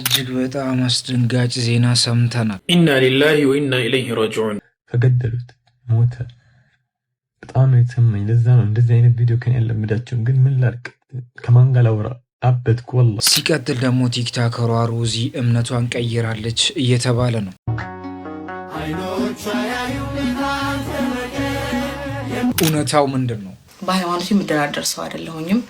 እጅግ በጣም አስደንጋጭ ዜና ሰምተናል። ኢና ሊላሂ ወኢና ኢለይሂ ራጅዑን። ተገደሉት፣ ሞተ። በጣም ነው የተሰማኝ። ለዛ ነው እንደዚህ አይነት ቪዲዮ ከን ያለምዳቸውም። ግን ምን ላርቅ? ከማን ጋር ላውራ? አበትኩ ወላሂ። ሲቀጥል ደግሞ ቲክታከሯ ሮዚ እምነቷን ቀይራለች እየተባለ ነው። እውነታው ምንድን ነው? በሃይማኖት የምደራደር ሰው አይደለሁኝም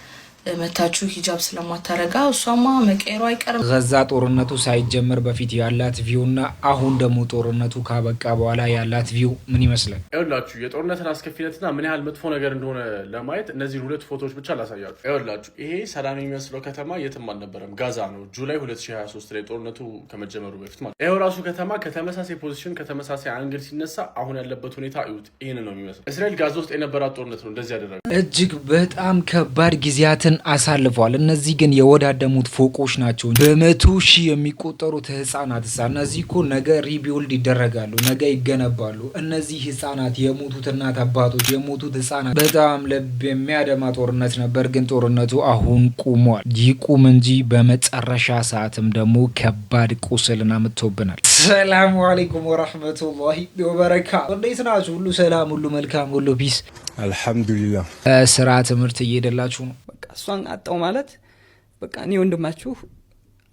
መታችሁ ሂጃብ ስለማታረጋ እሷማ መቀየሩ አይቀርም። ገዛ ጦርነቱ ሳይጀመር በፊት ያላት ቪው እና አሁን ደግሞ ጦርነቱ ካበቃ በኋላ ያላት ቪው ምን ይመስላል? ይኸውላችሁ የጦርነትን አስከፊነትና ምን ያህል መጥፎ ነገር እንደሆነ ለማየት እነዚህን ሁለት ፎቶዎች ብቻ ላሳያችሁ። ይኸውላችሁ ይሄ ሰላም የሚመስለው ከተማ የትም አልነበረም፣ ጋዛ ነው። ጁላይ 2023 ላይ ጦርነቱ ከመጀመሩ በፊት ማለት ይኸው ራሱ ከተማ ከተመሳሳይ ፖዚሽን ከተመሳሳይ አንግል ሲነሳ አሁን ያለበት ሁኔታ እዩት። ይህን ነው የሚመስለው። እስራኤል ጋዛ ውስጥ የነበራት ጦርነት ነው እንደዚህ ያደረገ እጅግ በጣም ከባድ ጊዜያትን ህጻናትን አሳልፈዋል። እነዚህ ግን የወዳደሙት ፎቆች ናቸው። በመቶ ሺህ የሚቆጠሩት ህጻናት ሳ እነዚህ እኮ ነገ ሪቢውልድ ይደረጋሉ፣ ነገ ይገነባሉ። እነዚህ ህጻናት የሞቱት እናት አባቶች የሞቱት ህጻናት በጣም ልብ የሚያደማ ጦርነት ነበር። ግን ጦርነቱ አሁን ቁሟል። ይቁም እንጂ በመጨረሻ ሰዓትም ደግሞ ከባድ ቁስልን አምጥቶብናል። ሰላሙ አሌይኩም ወረህመቱላሂ ወበረካ። እንዴት ናችሁ? ሁሉ ሰላም፣ ሁሉ መልካም፣ ሁሉ ፒስ አልሐምዱሊላ። ስራ ትምህርት እየሄደላችሁ ነው? እሷን አጣው ማለት በቃ እኔ ወንድማችሁ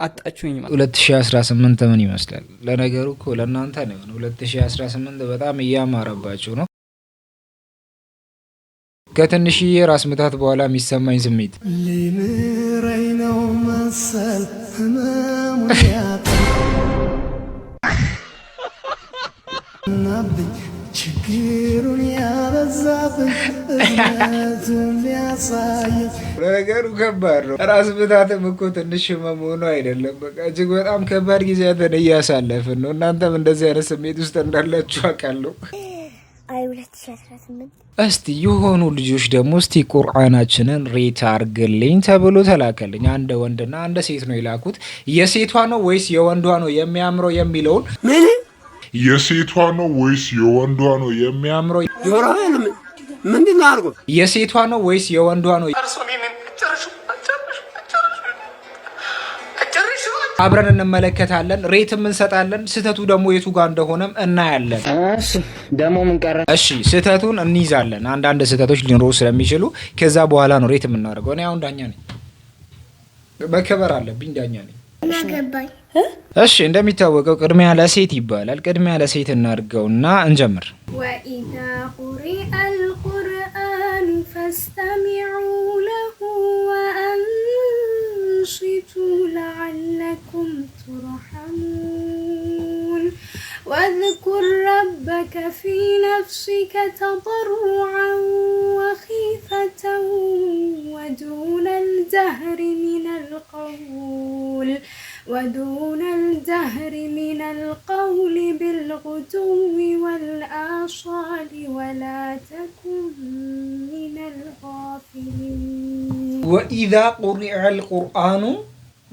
አጣችሁኝ ማለት። ሁለት ሺ አስራ ስምንት ምን ይመስላል? ለነገሩ እኮ ለእናንተ ነው ሆነ ሁለት ሺ አስራ ስምንት በጣም እያማረባችሁ ነው። ከትንሽ የራስ ምታት በኋላ የሚሰማኝ ስሜት ሊምረኝ ነው መሰል ህመሙያጠ ያጠናብኝ ችግሩን ያበዛብን ከባድ ነው። ራስ ምታትም እኮ ትንሽ መሆኑ አይደለም። በቃ እጅግ በጣም ከባድ ጊዜያትን እያሳለፍን ነው። እናንተም እንደዚህ አይነት ስሜት ውስጥ እንዳላችሁ አውቃለሁ። እስቲ የሆኑ ልጆች ደግሞ እስቲ ቁርአናችንን ሬት አርግልኝ ተብሎ ተላከልኝ። አንድ ወንድና አንድ ሴት ነው የላኩት። የሴቷ ነው ወይስ የወንዷ ነው የሚያምረው የሚለውን የሴቷ ነው ወይስ የወንዷ ነው የሚያምረው? ጆሮ ምንድን ነው አድርጎ የሴቷ ነው ወይስ የወንዷ ነው? አብረን እንመለከታለን፣ ሬትም እንሰጣለን። ስህተቱ ደግሞ የቱ ጋር እንደሆነም እናያለን። ደግሞ ምን ቀረ? እሺ ስህተቱን እንይዛለን። አንዳንድ ስህተቶች ሊኖሩ ስለሚችሉ ከዛ በኋላ ነው ሬት የምናደርገው። እኔ አሁን ዳኛ ነኝ፣ መከበር አለብኝ። ዳኛ ነኝ። እሺ እንደሚታወቀው ቅድሚያ ለሴት ይባላል። ቅድሚያ ለሴት እናድርገውና እንጀምር። ወኢዛ ቁሪአ አልቁርአኑ ፈስተሚዑ ለሁ ወአንሽቱ ለዓለኩም ቱርሐሙን ወዝኩር ረበከ ፊ ነፍሲከ ተضርعا وخيفة ودون الجهر من القول ودون الجهر من القول بالغدو والآصال ولا تكن من الغافلين وإذا قرئ القرآن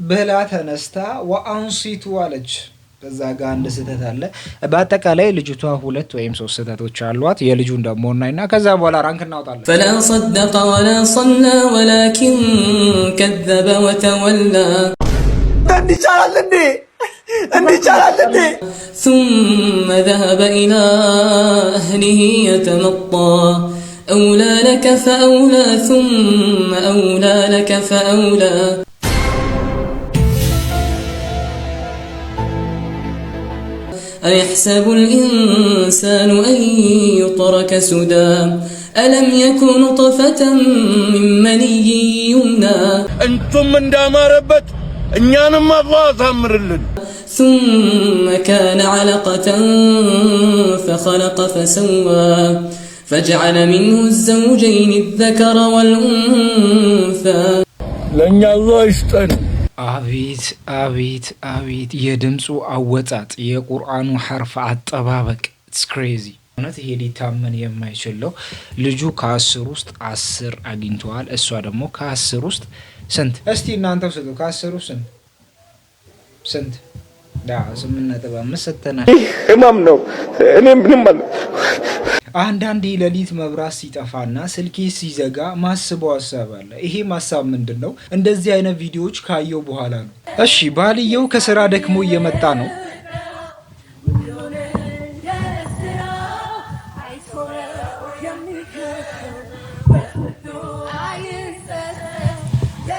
بلا تنستا وأنصت ولج ከዛ ጋር አንድ ስህተት አለ። በአጠቃላይ ልጅቷ ሁለት ወይም ሶስት ስህተቶች አሏት። የልጁን ደግሞ እናይና ከዛ በኋላ ራንክ እናውጣለን። ፈላ ሰደቀ ወላ ሰላ ወላኪን ከዘበ ወተወላ ثم ذهب إلى أهله يتمطى أولى لك فأولى ثم أولى لك فأولى أيحسب الإنسان أن يترك سدى ألم يكن طفة من مني يمنى أنتم من دام ربت እኛንም አላህ አሳምርልን። ثم كان علقة فخلق فسوى فجعل منه الزوجين الذكر والأنثى ለእኛ አላህ ይስጠን። አቤት አቤት አቤት! የድምፁ አወጣጥ የቁርአኑ ሐርፍ አጠባበቅ ስክሬዚ እውነት ይሄ ሊታመን የማይችል ልጁ ከአስር ውስጥ አስር አግኝተዋል። እሷ ደግሞ ከአስር ውስጥ ስንት እስቲ እናንተው ስጡ። ከአስሩ ስንት ስንት? ስምንት ነጥብ አምስት ህማም ነው። እኔ ምንም አለ አንዳንዴ ሌሊት መብራት ሲጠፋና ስልኬ ሲዘጋ ማስበው ሀሳብ አለ። ይሄ ሀሳብ ምንድን ነው? እንደዚህ አይነት ቪዲዮዎች ካየው በኋላ ነው። እሺ ባልየው ከስራ ደክሞ እየመጣ ነው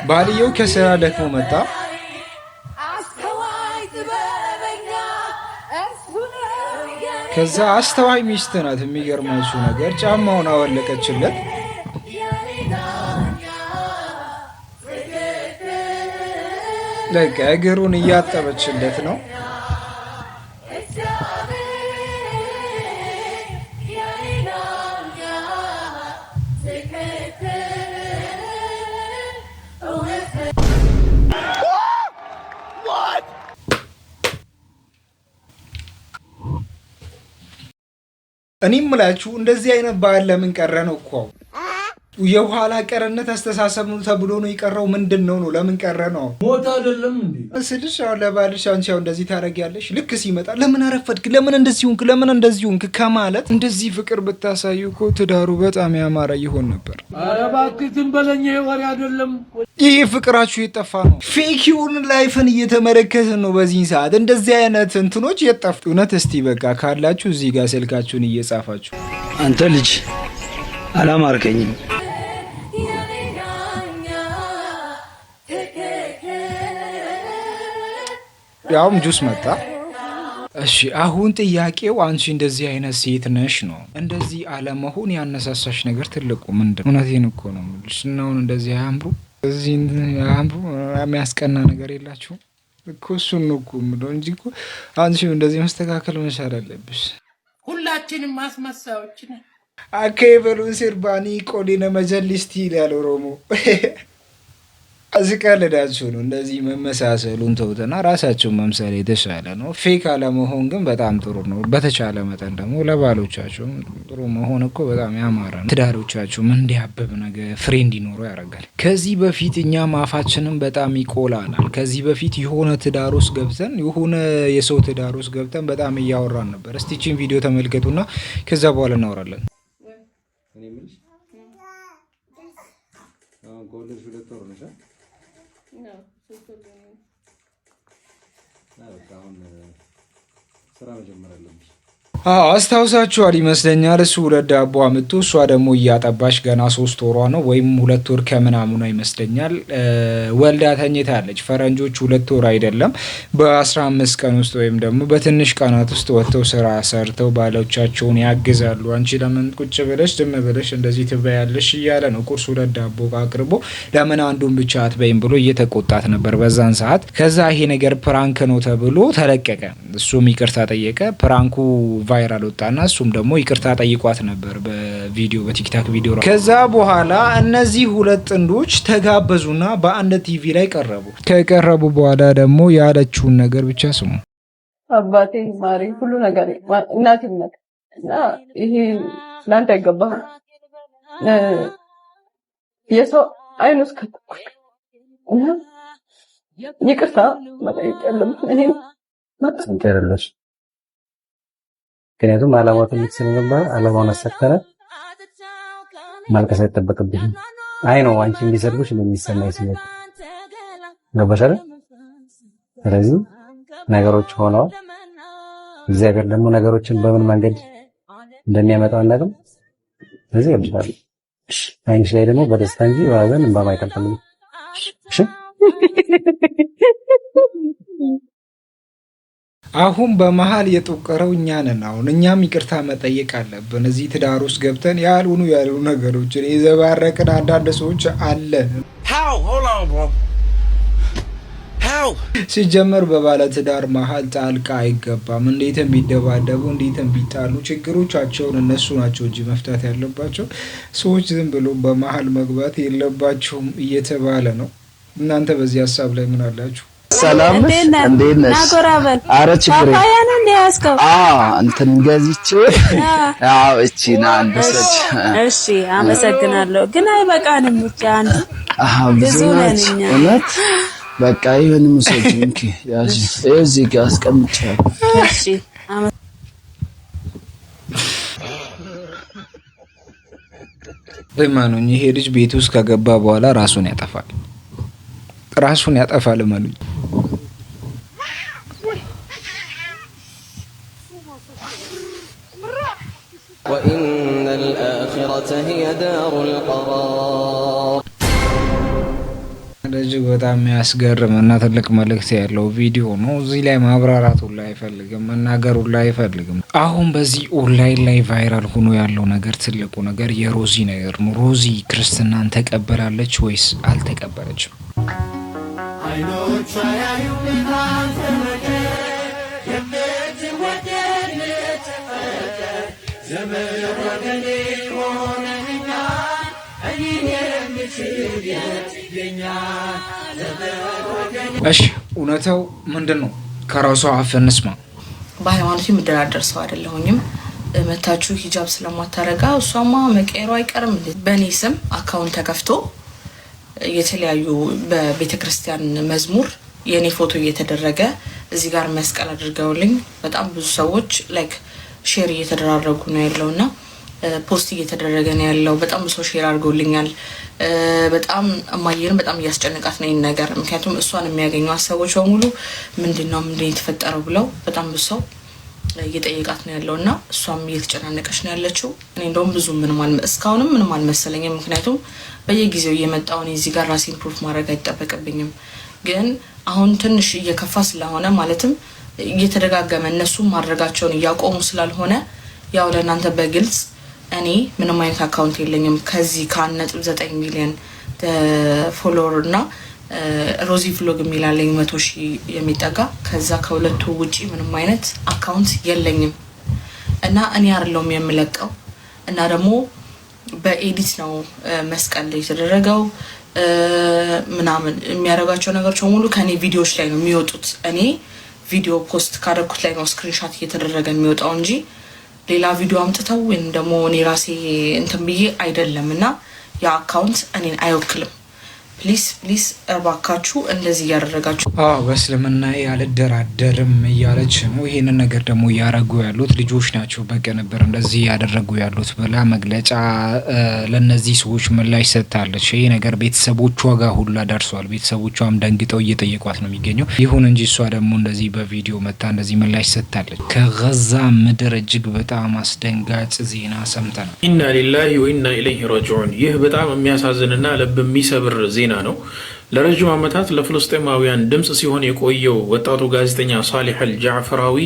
ባልየው ከስራ ደክሞ መጣ። ከዛ አስተዋይ ሚስት ናት። የሚገርማችሁ ነገር ጫማውን አወለቀችለት። በቃ እግሩን እያጠበችለት ነው። እኔም ምላችሁ እንደዚህ አይነት ባህል ለምን ቀረ ነው እኮ የኋላ ቀርነት አስተሳሰብ ነው ተብሎ ነው የቀረው። ምንድን ነው ነው? ለምን ቀረ ነው? ሞት አይደለም እንዴ ስልሽ፣ አሁን ለባልሽ አንቺ አሁን እንደዚህ ታደርጊያለሽ። ልክ ሲመጣ ለምን አረፈድክ፣ ለምን እንደዚህ ሆንክ፣ ለምን እንደዚህ ሆንክ ከማለት እንደዚህ ፍቅር ብታሳዩ እኮ ትዳሩ በጣም ያማረ ይሆን ነበር። ኧረ እባክህ ዝም በለኝ፣ ይሄ ወሬ አይደለም። ይህ ፍቅራችሁ የጠፋ ነው። ፌኪውን ላይፍን እየተመለከትን ነው በዚህን ሰዓት። እንደዚህ አይነት እንትኖች የጠፍ እውነት። እስቲ በቃ ካላችሁ እዚህ ጋር ስልካችሁን እየጻፋችሁ አንተ ልጅ አላማርከኝም ያውም ጁስ መጣ። እሺ አሁን ጥያቄው አንቺ እንደዚህ አይነት ሴት ነሽ ነው። እንደዚህ አለመሆን ያነሳሳሽ ነገር ትልቁ ምንድን እውነቴን እኮ ነው የምልሽ። እና አሁን እንደዚህ አያምሩ እዚህ አያምሩ የሚያስቀና ነገር የላችሁም እኮ እሱን ነው እኮ የምለው እንጂ እኮ አንቺ እንደዚህ መስተካከል መቻል አለብሽ። ሁላችንም ማስመሳዎች ነን። አኬ በሉን ሲርባኒ ቆዲነ መጀሊስቲ ያለው ሮሞ እዚህ አስቀልዳችሁ ነው። እንደዚህ መመሳሰሉን ተውትና ራሳችሁን መምሰል የተሻለ ነው። ፌክ አለመሆን ግን በጣም ጥሩ ነው። በተቻለ መጠን ደግሞ ለባሎቻችሁም ጥሩ መሆን እኮ በጣም ያማረ ነው። ትዳሮቻችሁም እንዲያብብ ነገ ፍሬ እንዲኖሩ ያደርጋል። ከዚህ በፊት እኛም አፋችንም በጣም ይቆላናል። ከዚህ በፊት የሆነ ትዳር ውስጥ ገብተን የሆነ የሰው ትዳር ውስጥ ገብተን በጣም እያወራን ነበር። እስቲችን ቪዲዮ ተመልከቱና ከዛ በኋላ እናወራለን። ስራ መጀመር አለብን። አስታውሳችኋል ይመስለኛል። እሱ ሁለት ዳቦ አምጥቶ እሷ ደግሞ እያጠባች ገና ሶስት ወሯ ነው ወይም ሁለት ወር ከምናምኗ ይመስለኛል ወልዳ ተኝታለች። ፈረንጆች ሁለት ወር አይደለም በ15 ቀን ውስጥ ወይም ደግሞ በትንሽ ቀናት ውስጥ ወጥተው ስራ ሰርተው ባሎቻቸውን ያግዛሉ። አንቺ ለምን ቁጭ ብለሽ ዝም ብለሽ እንደዚህ ትበያለሽ እያለ ነው። ቁርስ ሁለት ዳቦ አቅርቦ ለምን አንዱን ብቻ አትበይም ብሎ እየተቆጣት ነበር በዛን ሰዓት። ከዛ ይሄ ነገር ፕራንክ ነው ተብሎ ተለቀቀ። እሱም ይቅርታ ጠየቀ። ፕራንኩ ቫይራል ወጣና እሱም ደግሞ ይቅርታ ጠይቋት ነበር በቪዲዮ በቲክታክ ቪዲዮ። ከዛ በኋላ እነዚህ ሁለት ጥንዶች ተጋበዙና በአንድ ቲቪ ላይ ቀረቡ። ከቀረቡ በኋላ ደግሞ ያለችውን ነገር ብቻ ስሙ። አባቴ ማሪ ሁሉ ነገር እናትነት እና ይሄ ለአንተ አይገባም። የሰው አይኑ እስከትኩል ከተኩክ ይቅርታ መጠየቅ ያለም ያለብን እኔም መጠ ምክንያቱም አላማው ትልቅ ስለነበር አላማውን አሰከረ። ማልቀስ አይጠበቅብኝም። አይ ነው አንቺ እንዲሰድቡሽ የሚሰማኝ ስሜት ገባሽ አይደል? ስለዚህ ነገሮች ሆነዋል። እግዚአብሔር ደግሞ ነገሮችን በምን መንገድ እንደሚያመጣው አናውቅም። ስለዚህ ይልሻል። አይንሽ ላይ ደግሞ በደስታ እንጂ በሀዘን እንባ አይቀልጥም። እሺ አሁን በመሀል የጠቀረው እኛ ነን። አሁን እኛም ይቅርታ መጠየቅ አለብን። እዚህ ትዳር ውስጥ ገብተን ያልሆኑ ያልሆኑ ነገሮችን የዘባረቅን አንዳንድ ሰዎች አለን። ሲጀመር በባለ ትዳር መሀል ጣልቃ አይገባም። እንዴትም ቢደባደቡ እንዴትም ቢጣሉ ችግሮቻቸውን እነሱ ናቸው እንጂ መፍታት ያለባቸው ሰዎች ዝም ብሎ በመሀል መግባት የለባቸውም እየተባለ ነው። እናንተ በዚህ ሀሳብ ላይ ምን አላችሁ? ሰላም እንዴት ነሽ? አረ ችግር የለም። አዎ እንትን ገዝቼ አዎ፣ እቺ ና አንድ እሺ አመሰግናለሁ። ግን አይበቃንም። እቺ አንድ ብዙ ነን እኛ እውነት በቃ ይሁን ሙሰጅ እንኪ ያዚ እዚህ ጋር አስቀምጫለሁ። እሺ እመኑኝ ይሄ ልጅ ቤት ውስጥ ከገባ በኋላ ራሱን ያጠፋል። ራሱን ያጠፋል እመኑኝ። وإن እጅግ በጣም የሚያስገርም እና ትልቅ መልእክት ያለው ቪዲዮ ነው። እዚህ ላይ ማብራራቱ ላይ አይፈልግም፣ መናገሩ ላይ አይፈልግም። አሁን በዚህ ኦንላይን ላይ ቫይራል ሆኖ ያለው ነገር ትልቁ ነገር የሮዚ ነገር ነው። ሮዚ ክርስትናን ተቀበላለች ወይስ አልተቀበለችም? አይኖቿ ያዩ ባንተ የምትወደድ ዘመድ ወገኔ እኔን የምችል የትገኛል ዘመድ ወገኔ። እሺ እውነታው ምንድን ነው? ከራሷ አፍ እንስማ። በሃይማኖት የምደራደር ሰው አይደለሁኝም። መታችሁ ሂጃብ ስለማታረጋ እሷማ መቀየሩ አይቀርም። በእኔ ስም አካውንት ተከፍቶ የተለያዩ በቤተ ክርስቲያን መዝሙር የእኔ ፎቶ እየተደረገ እዚህ ጋር መስቀል አድርገውልኝ በጣም ብዙ ሰዎች ላይክ ሼር እየተደራረጉ ነው ያለው እና ፖስት እየተደረገ ነው ያለው። በጣም ብዙ ሰው ሼር አድርገውልኛል። በጣም እማየርን በጣም እያስጨነቃት ነው ይህን ነገር ምክንያቱም እሷን የሚያገኟት ሰዎች በሙሉ ምንድን ነው ምንድን የተፈጠረው ብለው በጣም ብዙ ሰው እየጠየቃት ነው ያለው እና እሷም እየተጨናነቀች ነው ያለችው። እኔ እንደውም ብዙ ምንም እስካሁንም ምንም አልመሰለኝም፣ ምክንያቱም በየጊዜው እየመጣሁ እኔ እዚህ ጋር ራሴን ፕሩፍ ማድረግ አይጠበቅብኝም። ግን አሁን ትንሽ እየከፋ ስለሆነ ማለትም እየተደጋገመ እነሱ ማድረጋቸውን እያቆሙ ስላልሆነ ያው ለእናንተ በግልጽ እኔ ምንም አይነት አካውንት የለኝም ከዚህ ከአንድ ነጥብ ዘጠኝ ሚሊዮን ፎሎወር uh, እና ሮዚ ፍሎግ የሚላለኝ መቶ ሺ የሚጠጋ ከዛ ከሁለቱ ውጪ ምንም አይነት አካውንት የለኝም እና እኔ አይደለሁም የምለቀው እና ደግሞ በኤዲት ነው መስቀል ላይ የተደረገው ምናምን የሚያደርጋቸው ነገሮች በሙሉ ከእኔ ቪዲዮዎች ላይ ነው የሚወጡት። እኔ ቪዲዮ ፖስት ካደረኩት ላይ ነው ስክሪንሻት እየተደረገ የሚወጣው እንጂ ሌላ ቪዲዮ አምጥተው ወይም ደግሞ እኔ ራሴ እንትን ብዬ አይደለም እና ያ አካውንት እኔን አይወክልም። ፕሊስ ፕሊስ እባካችሁ እንደዚህ እያደረጋችሁ። አዎ በእስልምና አልደራደርም እያለች ነው። ይህንን ነገር ደግሞ እያረጉ ያሉት ልጆች ናቸው። በቅንብር እንደዚህ እያደረጉ ያሉት ብላ መግለጫ ለእነዚህ ሰዎች ምላሽ ሰጥታለች። ይህ ነገር ቤተሰቦቿ ጋር ሁላ ደርሷል። ቤተሰቦቿም ደንግጠው እየጠየቋት ነው የሚገኘው። ይሁን እንጂ እሷ ደግሞ እንደዚህ በቪዲዮ መታ እንደዚህ ምላሽ ሰጥታለች። ከገዛ ምድር እጅግ በጣም አስደንጋጭ ዜና ሰምተናል። ኢና ሊላሂ ወኢና ኢለይሂ ራጂዑን። ይህ በጣም የሚያሳዝንና ልብ የሚሰብር ዜና ዜና ነው። ለረዥም ዓመታት ለፍልስጤማውያን ድምፅ ሲሆን የቆየው ወጣቱ ጋዜጠኛ ሳሊሕ አልጃዕፈራዊ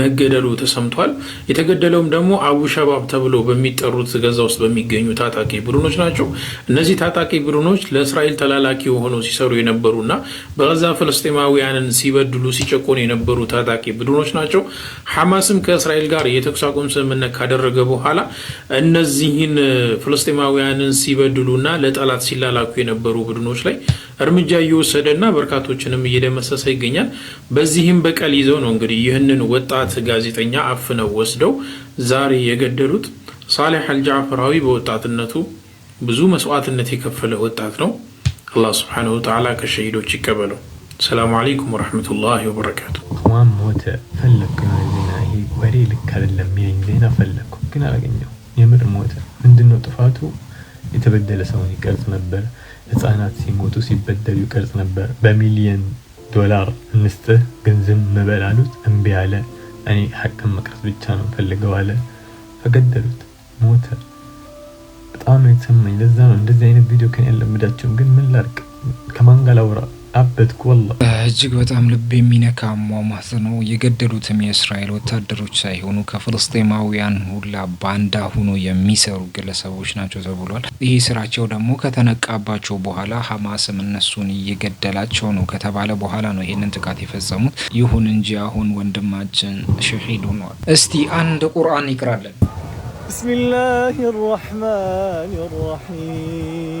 መገደሉ ተሰምቷል። የተገደለውም ደግሞ አቡሸባብ ተብሎ በሚጠሩት ገዛ ውስጥ በሚገኙ ታጣቂ ቡድኖች ናቸው። እነዚህ ታጣቂ ቡድኖች ለእስራኤል ተላላኪ ሆነው ሲሰሩ እና በዛ ፍልስጤማውያንን ሲበድሉ ሲጨቆኑ የነበሩ ታጣቂ ቡድኖች ናቸው። ሐማስም ከእስራኤል ጋር የተኩስ አቁም ስምምነት ካደረገ በኋላ እነዚህን ፍልስጤማውያንን ሲበድሉና ለጠላት ሲላላኩ የነበሩ ቡድኖች ላይ እርምጃ እየወሰደና በርካቶችንም እየደመሰሰ ይገኛል። በዚህም በቀል ይዘው ነው እንግዲህ ይህንን ወጣት ጋዜጠኛ አፍነው ወስደው ዛሬ የገደሉት። ሳሌሕ አልጃዕፈራዊ በወጣትነቱ ብዙ መስዋዕትነት የከፈለ ወጣት ነው። አላህ ስብሓነሁ ወተዓላ ከሸሂዶች ይቀበለው። ሰላሙ አለይኩም ወረሕመቱላሂ ወበረካቱ። ዋን ሞተ ፈለግኩ የሆነ ዜና ይሄ ወሬ ልክ አይደለም የሚለኝ ዜና ፈለግኩ ግን አላገኘሁም። የምር ሞተ። ምንድነው ጥፋቱ? የተበደለ ሰውን ይቀርጽ ነበር ህፃናት ሲሞቱ ሲበደሉ ይቀርጽ ነበር። በሚሊየን ዶላር እንስጥህ ገንዘብ መበል አሉት። እምቢ አለ። እኔ ሐቅን መቅረጽ ብቻ ነው ፈልገው አለ። ተገደሉት። ሞተ። በጣም ነው የተሰማኝ። ለዛ ነው እንደዚህ አይነት ቪዲዮ ከን ያለምዳቸውም። ግን ምን ላርቅ? ከማን ጋር ላውራ? አበድኩ ወላ እጅግ በጣም ልብ የሚነካ አሟሟት ነው። የገደሉትም የእስራኤል ወታደሮች ሳይሆኑ ከፍልስጤማውያን ሁላ ባንዳ ሆኖ የሚሰሩ ግለሰቦች ናቸው ተብሏል። ይህ ስራቸው ደግሞ ከተነቃባቸው በኋላ ሀማስም እነሱን እየገደላቸው ነው ከተባለ በኋላ ነው ይህንን ጥቃት የፈጸሙት። ይሁን እንጂ አሁን ወንድማችን ሸሂድ ሆኗል። እስቲ አንድ ቁርአን ይቅራለን። ብስሚላህ ራህማን ራሂም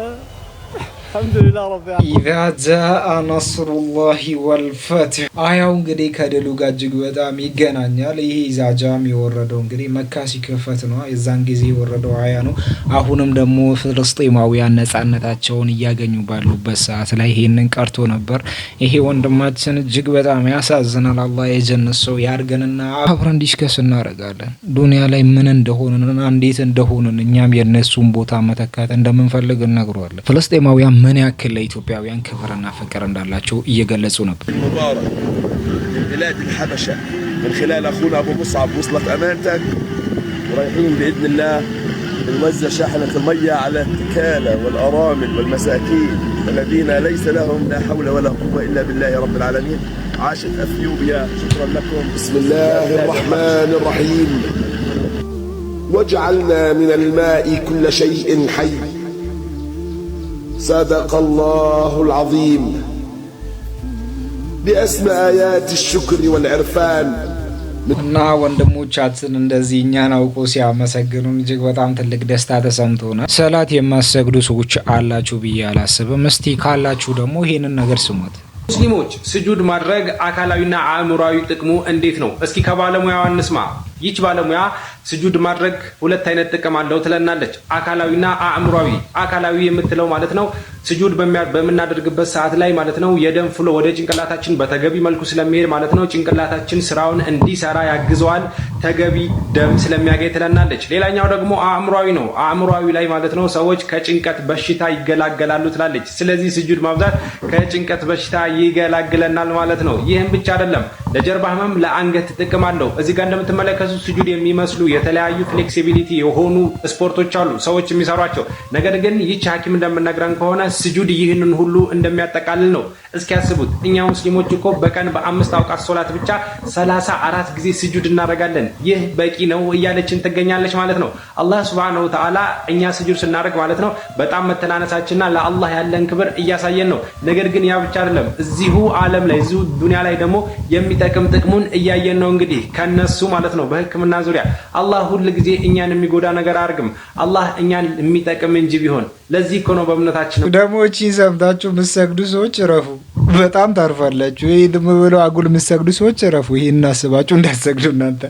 አልሐምዱሊላህ ረብ ኢዛ ጃአ ነስሩላሂ ወልፈትህ አያው እንግዲህ ከድሉ ጋር እጅግ በጣም ይገናኛል። ይህ ኢዛ የወረደው እንግዲህ መካ ሲከፈት ነው። የዛን ጊዜ የወረደው አያ ነው። አሁንም ደግሞ ፍልስጤማውያን ነጻነታቸውን እያገኙ ባሉበት ሰዓት ላይ ይሄንን ቀርቶ ነበር። ይሄ ወንድማችን እጅግ በጣም ያሳዝናል። አላህ የጀነት ሰው ያድርገንና አብረን ዲስከስ እናደርጋለን። ዱንያ ላይ ምን እንደሆንንና እንዴት እንደሆንን እኛም የነሱን ቦታ መተካት እንደምንፈልግ እነግሯለን ፍልስጤማውያን من من شو بلاد الحبشة خلال أخونا أبو مصعب وصلت ورايحين بإذن الله نوزع شاحنة المية على والأرامل والمساكين الذين ليس لهم لا حول ولا قوة إلا بالله رب العالمين عاشت اثيوبيا شكرا لكم بسم الله الرحمن الرحيم وجعلنا من الماء كل شيء حي صدق الله العظيم بأسم آيات الشكر والعرفان እና ወንድሞቻችን እንደዚህ እኛን አውቆ ሲያመሰግኑን እጅግ በጣም ትልቅ ደስታ ተሰምቶና ሰላት የማሰግዱ ሰዎች አላችሁ ብዬ አላስብም። እስቲ ካላችሁ ደግሞ ይሄንን ነገር ስሙት። ሙስሊሞች ስጁድ ማድረግ አካላዊና አእምሯዊ ጥቅሙ እንዴት ነው? እስኪ ከባለሙያዋ እንስማ። ይች ባለሙያ ስጁድ ማድረግ ሁለት አይነት ጥቅም አለው ትለናለች፣ አካላዊና አእምሯዊ። አካላዊ የምትለው ማለት ነው ስጁድ በምናደርግበት ሰዓት ላይ ማለት ነው የደም ፍሎ ወደ ጭንቅላታችን በተገቢ መልኩ ስለሚሄድ ማለት ነው ጭንቅላታችን ስራውን እንዲሰራ ያግዘዋል፣ ተገቢ ደም ስለሚያገኝ ትለናለች። ሌላኛው ደግሞ አእምሯዊ ነው። አእምሯዊ ላይ ማለት ነው ሰዎች ከጭንቀት በሽታ ይገላገላሉ ትላለች። ስለዚህ ስጁድ ማብዛት ከጭንቀት በሽታ ይገላግለናል ማለት ነው። ይህም ብቻ አይደለም፣ ለጀርባ ህመም፣ ለአንገት ጥቅም አለው። እዚህ ጋር እንደምትመለከቱት ስጁድ የሚመስሉ የተለያዩ ፍሌክሲቢሊቲ የሆኑ ስፖርቶች አሉ ሰዎች የሚሰሯቸው። ነገር ግን ይህች ሐኪም እንደምነግረን ከሆነ ስጁድ ይህንን ሁሉ እንደሚያጠቃልል ነው። እስኪ ያስቡት እኛ ሙስሊሞች እኮ በቀን በአምስት አውቃት ሶላት ብቻ ሰላሳ አራት ጊዜ ስጁድ እናደርጋለን። ይህ በቂ ነው እያለችን ትገኛለች ማለት ነው። አላህ ስብሐነሁ ወተዓላ እኛ ስጁድ ስናደርግ ማለት ነው በጣም መተናነሳችንና ለአላህ ያለን ክብር እያሳየን ነው። ነገር ግን ያ ብቻ አይደለም። እዚሁ ዓለም ላይ እዚሁ ዱንያ ላይ ደግሞ የሚጠቅም ጥቅሙን እያየን ነው። እንግዲህ ከነሱ ማለት ነው በህክምና ዙሪያ አላህ ሁል ጊዜ እኛን የሚጎዳ ነገር አርግም፣ አላህ እኛን የሚጠቅም እንጂ ቢሆን ለዚህ እኮ ነው በእምነታችን ደግሞ እቺ ሰምታችሁ የምትሰግዱ ሰዎች እረፉ፣ በጣም ታርፋላችሁ። ይህ ዝም ብሎ አጉል የምትሰግዱ ሰዎች እረፉ። ይህ እናስባችሁ እንዳትሰግዱ እናንተ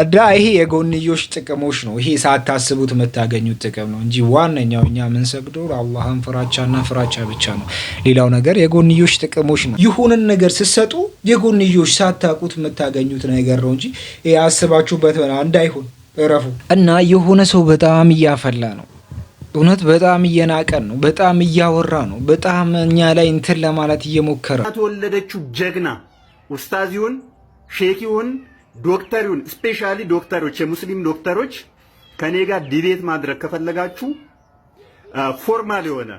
እዳ ይሄ የጎንዮሽ ጥቅሞች ነው። ይሄ ሳታስቡት የምታገኙት ጥቅም ነው እንጂ ዋነኛው እኛ የምንሰግደው አላህን ፍራቻና ፍራቻ ብቻ ነው። ሌላው ነገር የጎንዮሽ ጥቅሞች ነው። ይሁንን ነገር ስትሰጡ የጎንዮሽ ሳታቁት የምታገኙት ነገር ነው እንጂ ይሄ አስባችሁበት እንዳይሆን እረፉ። እና የሆነ ሰው በጣም እያፈላ ነው እውነት በጣም እየናቀን ነው። በጣም እያወራ ነው። በጣም እኛ ላይ እንትን ለማለት እየሞከረ ተወለደችው ጀግና ኡስታዚውን ሼኪውን ዶክተሩን ስፔሻሊ ዶክተሮች የሙስሊም ዶክተሮች ከኔ ጋር ዲቤት ማድረግ ከፈለጋችሁ ፎርማል የሆነ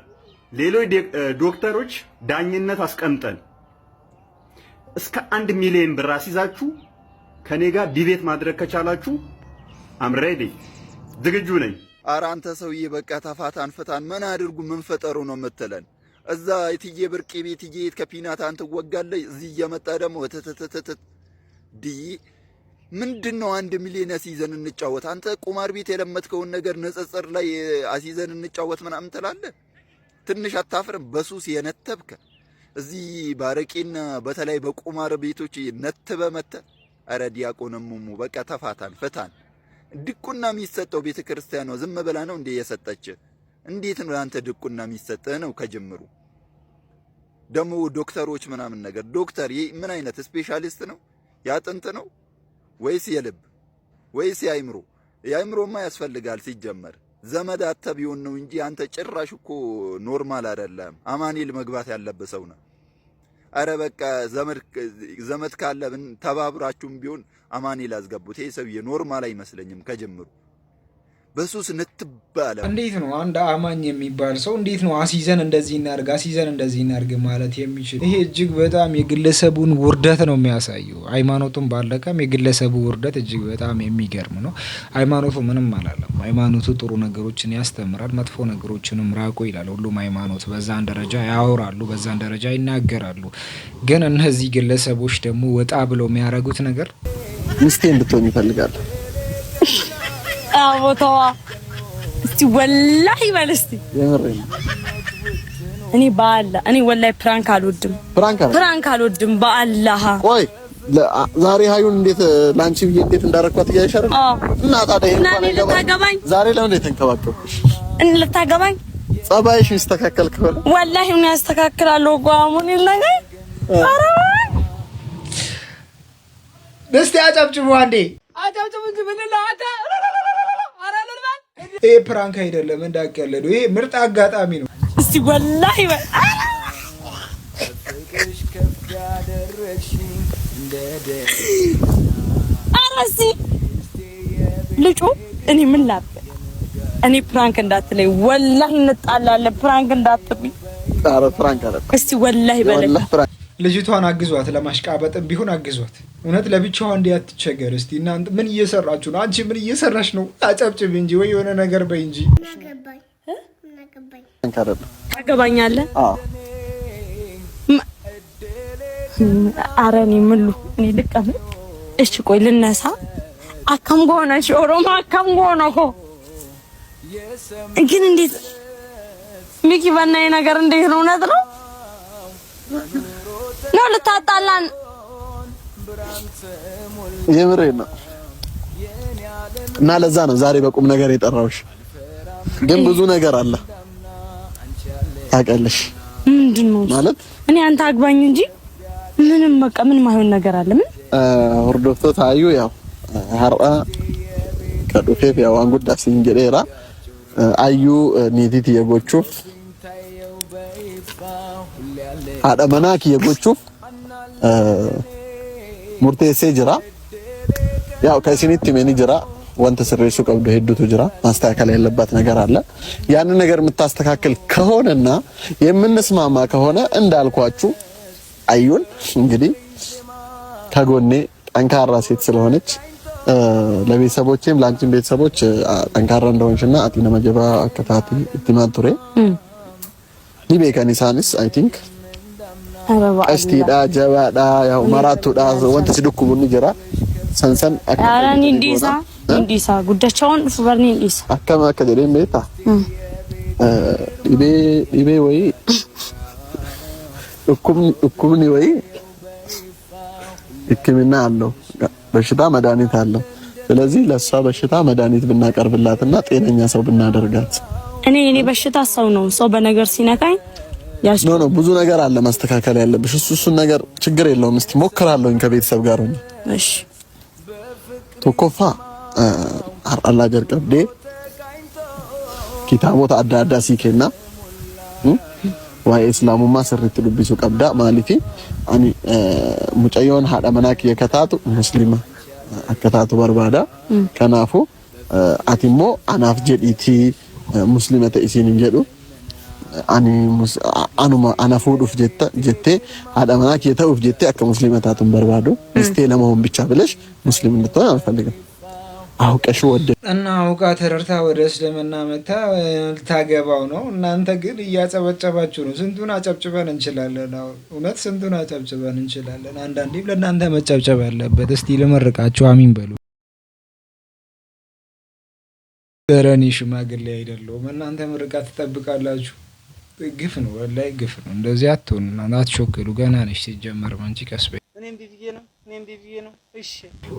ሌሎች ዶክተሮች ዳኝነት አስቀምጠን እስከ አንድ ሚሊዮን ብር አስይዛችሁ ከኔ ጋር ዲቤት ማድረግ ከቻላችሁ ሬዲ ዝግጁ ነኝ። አራንተ አንተ ሰውዬ በቃ ተፋታን ፍታን። ምን አድርጉ ምን ፈጠሩ ነው የምትለን? እዛ የትዬ ብርቅ ቤትዬ ከፒናት ከፒናታን ወጋለህ። እዚህ እየመጣ ደግሞ ትትትትት ድይ ምንድን ነው አንድ ሚሊዮን አስይዘን እንጫወት? አንተ ቁማር ቤት የለመትከውን ነገር ንጽጽር ላይ አስይዘን እንጫወት ምናምን ትላለህ። ትንሽ አታፍርም? በሱስ የነተብከ እዚህ ባረቂና በተለይ በቁማር ቤቶች ነትበ መተ። አረ ዲያቆን ሙሙ በቃ ተፋታን፣ ፍታን። ድቁና የሚሰጠው ቤተ ክርስቲያን ነው። ዝም ብላ ነው እንዴ የሰጠች? እንዴት ነው አንተ ድቁና የሚሰጠህ ነው ከጅምሩ? ደግሞ ዶክተሮች ምናምን ነገር ዶክተር ምን አይነት ስፔሻሊስት ነው? ያጥንት ነው ወይስ የልብ ወይስ የአይምሮ? የአይምሮማ ያስፈልጋል ሲጀመር ዘመድ አጥተህ ቢሆን ነው እንጂ አንተ ጭራሽ እኮ ኖርማል አይደለም። አማኒል መግባት ያለብህ ሰው ነው። አረ በቃ ዘመድ ካለ ተባብራችሁም ቢሆን አማኒል አስገቡት። ይሄ ሰውዬ ኖርማል አይመስለኝም ከጀምሩ በሱስ ንትባለ እንዴት ነው አንድ አማኝ የሚባል ሰው እንዴት ነው አሲዘን እንደዚህ እናርግ አሲዘን እንደዚህ እናርግ ማለት የሚችል? ይሄ እጅግ በጣም የግለሰቡን ውርደት ነው የሚያሳየው። ሃይማኖቱን ባለቀም የግለሰቡ ውርደት እጅግ በጣም የሚገርም ነው። ሃይማኖቱ ምንም አላለም። ሃይማኖቱ ጥሩ ነገሮችን ያስተምራል፣ መጥፎ ነገሮችንም ራቁ ይላል። ሁሉም ሃይማኖት በዛን ደረጃ ያወራሉ፣ በዛን ደረጃ ይናገራሉ። ግን እነዚህ ግለሰቦች ደግሞ ወጣ ብለው የሚያደርጉት ነገር ሚስቴ እንድትሆን ይፈልጋል ቦታዋ እስቲ ወላሂ በል እስቲ እኔ በአላህ እኔ ወላሂ ፕራንክ አልወድም፣ ፕራንክ አልወድም በአላህ። ቆይ ዛሬ ሀዩን እንዴት ላንቺ ብዬ እንዴት እንዳረኳት እያይሻረ እና ታዲያ ልታገባኝ ዛሬ ለምን የተንከባከብኩሽ? ልታገባኝ ጸባይሽ ይስተካከል ከሆነ ወላሂ ምን ጓሙን ይለኛል። ኧረ እስቲ አጨብጭቡ አንዴ፣ አጨብጭቡ ዝም ይሄ ፕራንክ አይደለም እንዳቅ ያለ ይሄ ምርጥ አጋጣሚ ነው። እስቲ ወላ አረሲ ልጩ እኔ ምን ላብ እኔ ፕራንክ እንዳትለይ ወላ እንጣላለን። ፕራንክ እንዳትሉኝ። ኧረ ፕራንክ አረ እስቲ ወላ በለኝ ልጅቷን አግዟት፣ ለማሽቃበጥም ቢሆን አግዟት። እውነት ለብቻዋ እንዲ አትቸገር። እስቲ እናንተ ምን እየሰራችሁ ነው? አንቺ ምን እየሰራች ነው? አጨብጭብ እንጂ ወይ የሆነ ነገር በይ እንጂ። አገባኛለህ? አረ እኔ ምሉ እኔ ልቀም። እሺ ቆይ ልነሳ። አካም ጎነሽ ኦሮሞ አካም ጎነ ሆ ግን እንዴት ሚኪ በናይ ነገር እንዴት ነው? እውነት ነው ነው ልታጣላን። የምሬ ነው እና ለዛ ነው ዛሬ በቁም ነገር የጠራሁሽ። ግን ብዙ ነገር አለ ታውቂያለሽ። ምንድን ነው ማለት እኔ አንተ አግባኝ እንጂ ምንም በቃ ምንም አይሆን ነገር አለ። ምን ወርዶቶ ታዩ ያው ሀርአ ከዱፌፍ ያው አንጉዳስ እንጀራ አዩ ኒቲት የጎቹ haadha manaa kiyya gochuuf murteessee jira. Yaw ka isinitti himee ni jira. Wanta sirreessuu qabdu hedduutu jira። ማስተካከል ያለባት ነገር አለ። ያንን ነገር የምታስተካከል ከሆነና የምንስማማ ከሆነ እንዳልኳችሁ አዩን እንግዲህ ከጎኔ ጠንካራ ሴት ስለሆነች ለቤተሰቦችም ለአንቺም ቤተሰቦች ጠንካራ እንደሆንሽና አቲ ነመጀባ ከታቲ ኢትማን ሊቤ ከኒሳንስ አይ ቲንክ Astiidha, jabaadha, yaa'u maraattuudha. Wanta si dhukkubu ni jira. Sansan akka ni dhiisa, ni dhiisa. Guddachaawwan dhufubar ni dhiisa. Akkam akka jedheen beektaa? Dhibee dhibee wayii dhukkubni dhukkubni wayii ሕክምና አለው፣ በሽታ መድኃኒት አለው። ስለዚህ ለእሷ በሽታ መድኃኒት ብናቀርብላትና ጤነኛ ሰው ብናደርጋት እኔ እኔ በሽታ ሰው ነው ሰው በነገር ሲነካኝ ኖ ኖ ብዙ ነገር አለ ማስተካከል ያለብሽ። እሱ እሱን ነገር ችግር የለውም። እስቲ ሞክራለሁኝ ከቤተሰብ ጋር ሆኜ እሺ። ቶኮፋ አላ ገር ቀብዴ ኪታቦት አዳ አዳ ሲከና ዋይ እስላሙማ ስሪት ልብሱ ቀብዳ ማለቲ አኒ ሙጨዮን ሀዳ መናክ የከታቱ ሙስሊማ አከታቱ በርባዳ ከናፉ አቲሞ አናፍ ጀዲቲ ሙስሊመተ ኢሲን ጀዱ anafuu dhuf jettee haadha manaa kee ta'uuf jettee akka barbaadu. አውቀሽ ወደ እና አውቃ ተረርታ ወደ እስልምና መታ ልታገባው ነው። እናንተ ግን እያጨበጨባችሁ ነው። ስንቱን አጨብጭበን እንችላለን? እውነት ስንቱን አጨብጭበን እንችላለን? አንዳንዴም ለእናንተ መጨብጨብ ያለበት። እስቲ ልመርቃችሁ፣ አሚን በሉ። ኧረ እኔ ሽማግሌ አይደለሁም፣ እናንተ ምርቃት ትጠብቃላችሁ። ግፍ ነው ወላሂ ግፍ ነው። እንደዚህ አትሆን አትሾክሉ። ገና ነሽ ሲጀመር አንቺ ቀስ በይ።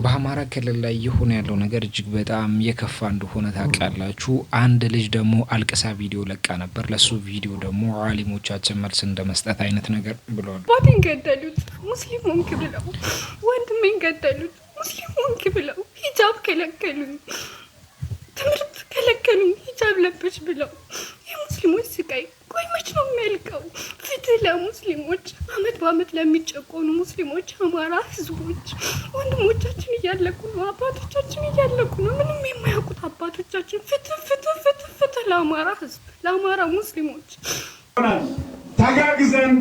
በአማራ ክልል ላይ የሆነ ያለው ነገር እጅግ በጣም የከፋ እንደሆነ ታውቃላችሁ። አንድ ልጅ ደግሞ አልቅሳ ቪዲዮ ለቃ ነበር። ለሱ ቪዲዮ ደግሞ አሊሞቻችን መልስ እንደ መስጠት አይነት ነገር ብለዋል። ባቴን ገደሉት፣ ሙስሊሙን ክብለው፣ ወንድሜን ገደሉት፣ ሙስሊሙን ክብለው፣ ሂጃብ ከለከሉኝ፣ ትምህርት ከለከሉኝ፣ ሂጃብ ለበሽ ብለው የሙስሊሞች ስቃይ ቆይ መች ነው የሚያልቀው? ፍትህ ለሙስሊሞች፣ አመት በአመት ለሚጨቆኑ ሙስሊሞች፣ አማራ ህዝቦች፣ ወንድሞቻችን እያለቁ ነው። አባቶቻችን እያለቁ ነው። ምንም የማያውቁት አባቶቻችን። ፍትህ፣ ፍትህ፣ ፍትህ፣ ፍትህ ለአማራ ህዝብ፣ ለአማራ ሙስሊሞች። ተጋግዘን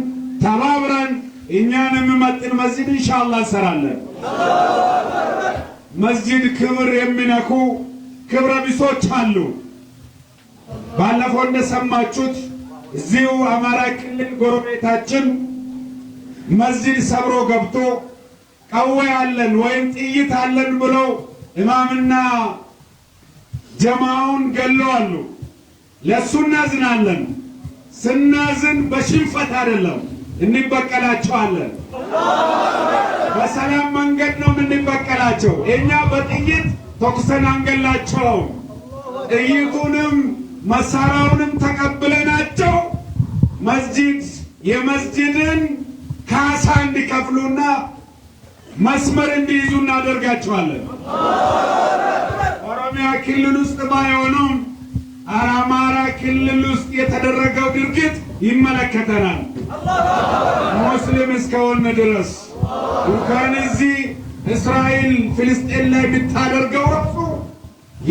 ተባብረን እኛን የሚመጥን መስጂድ እንሻላ እንሰራለን። መስጂድ ክብር የሚነኩ ክብረ ቢሶች አሉ። ባለፈው እንደሰማችሁት እዚሁ አማራ ክልል ጎረቤታችን መስጂድ ሰብሮ ገብቶ ቀዌ አለን ወይም ጥይት አለን ብለው እማምና ጀማውን ገለዋሉ። ለእሱ እናዝናለን። ስናዝን በሽንፈት አይደለም፣ እንበቀላቸዋለን። በሰላም መንገድ ነው የምንበቀላቸው። እኛ በጥይት ተኩሰን አንገላቸውም። ጥይቱንም መሳሪያውንም ተቀብለናቸው መስጂድ የመስጂድን ካሳ እንዲከፍሉና መስመር እንዲይዙ እናደርጋቸዋለን። ኦሮሚያ ክልል ውስጥ ባይሆኑም አማራ ክልል ውስጥ የተደረገው ድርጊት ይመለከተናል። ሙስሊም እስከሆነ ድረስ እንኳን እዚህ እስራኤል ፍልስጤን ላይ የምታደርገው ረፉ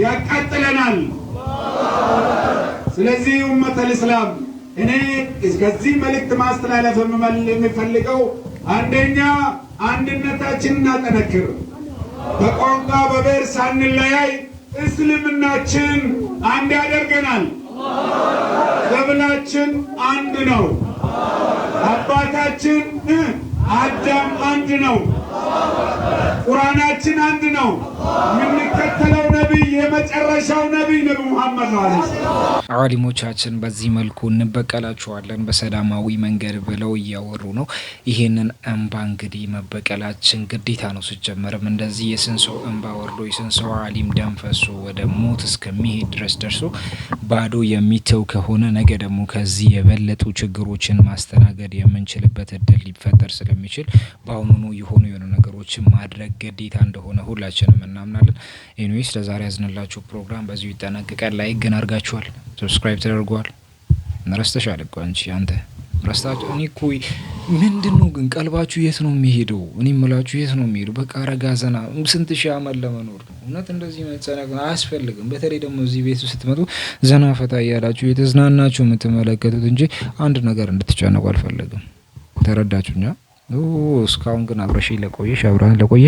ያቃጥለናል። ስለዚህ ኡመተል እስላም እኔ ከዚህ መልእክት ማስተላለፍ የሚፈልገው አንደኛ አንድነታችን እናጠነክር፣ በቋንቋ በብሔር ሳንለያይ እስልምናችን አንድ ያደርገናል። ዘብላችን አንድ ነው። አባታችን አዳም አንድ ነው። ቁርአናችን አንድ ነው። የምንከተለው ነቢይ የመጨረሻው ነቢይ ነቢ ሙሐመድ ነው። አሊሞቻችን በዚህ መልኩ እንበቀላችኋለን በሰላማዊ መንገድ ብለው እያወሩ ነው። ይሄንን እንባ እንግዲህ መበቀላችን ግዴታ ነው። ስጀመርም እንደዚህ የስንሰው እንባ ወርዶ የስንሰው አሊም ደም ፈሶ ወደ ሞት እስከሚሄድ ድረስ ደርሶ ባዶ የሚተው ከሆነ ነገ ደግሞ ከዚህ የበለጡ ችግሮችን ማስተናገድ የምንችልበት እድል ሊፈጠር ስለሚችል በአሁኑኑ የሆኑ የሆኑ ነገሮችን ማድረግ ግዴታ እንደሆነ ሁላችንም እናምናለን። ኤኒዌይስ ለዛሬ ያዝንላችሁ ፕሮግራም በዚሁ ይጠናቀቃል። ላይክ ግን አድርጋችኋል፣ ሰብስክራይብ ተደርጓል። ረስተሻል እኮ አንቺ አንተ ረስታችሁ እኔ እኮ ምንድን ነው ግን ቀልባችሁ የት ነው የሚሄደው? እኔ ምላችሁ የት ነው የሚሄደው? በቃ ረጋ ዘና ስንት ሺህ አመት ለመኖር ነው። እውነት እንደዚህ መጨነቅ አያስፈልግም። በተለይ ደግሞ እዚህ ቤት ስትመጡ ዘና ፈታ እያላችሁ የተዝናናችሁ የምትመለከቱት እንጂ አንድ ነገር እንድትጨነቁ አልፈልግም። ተረዳችሁኛ? እስካሁን ግን አብረሽ ለቆየሽ አብረን ለቆየ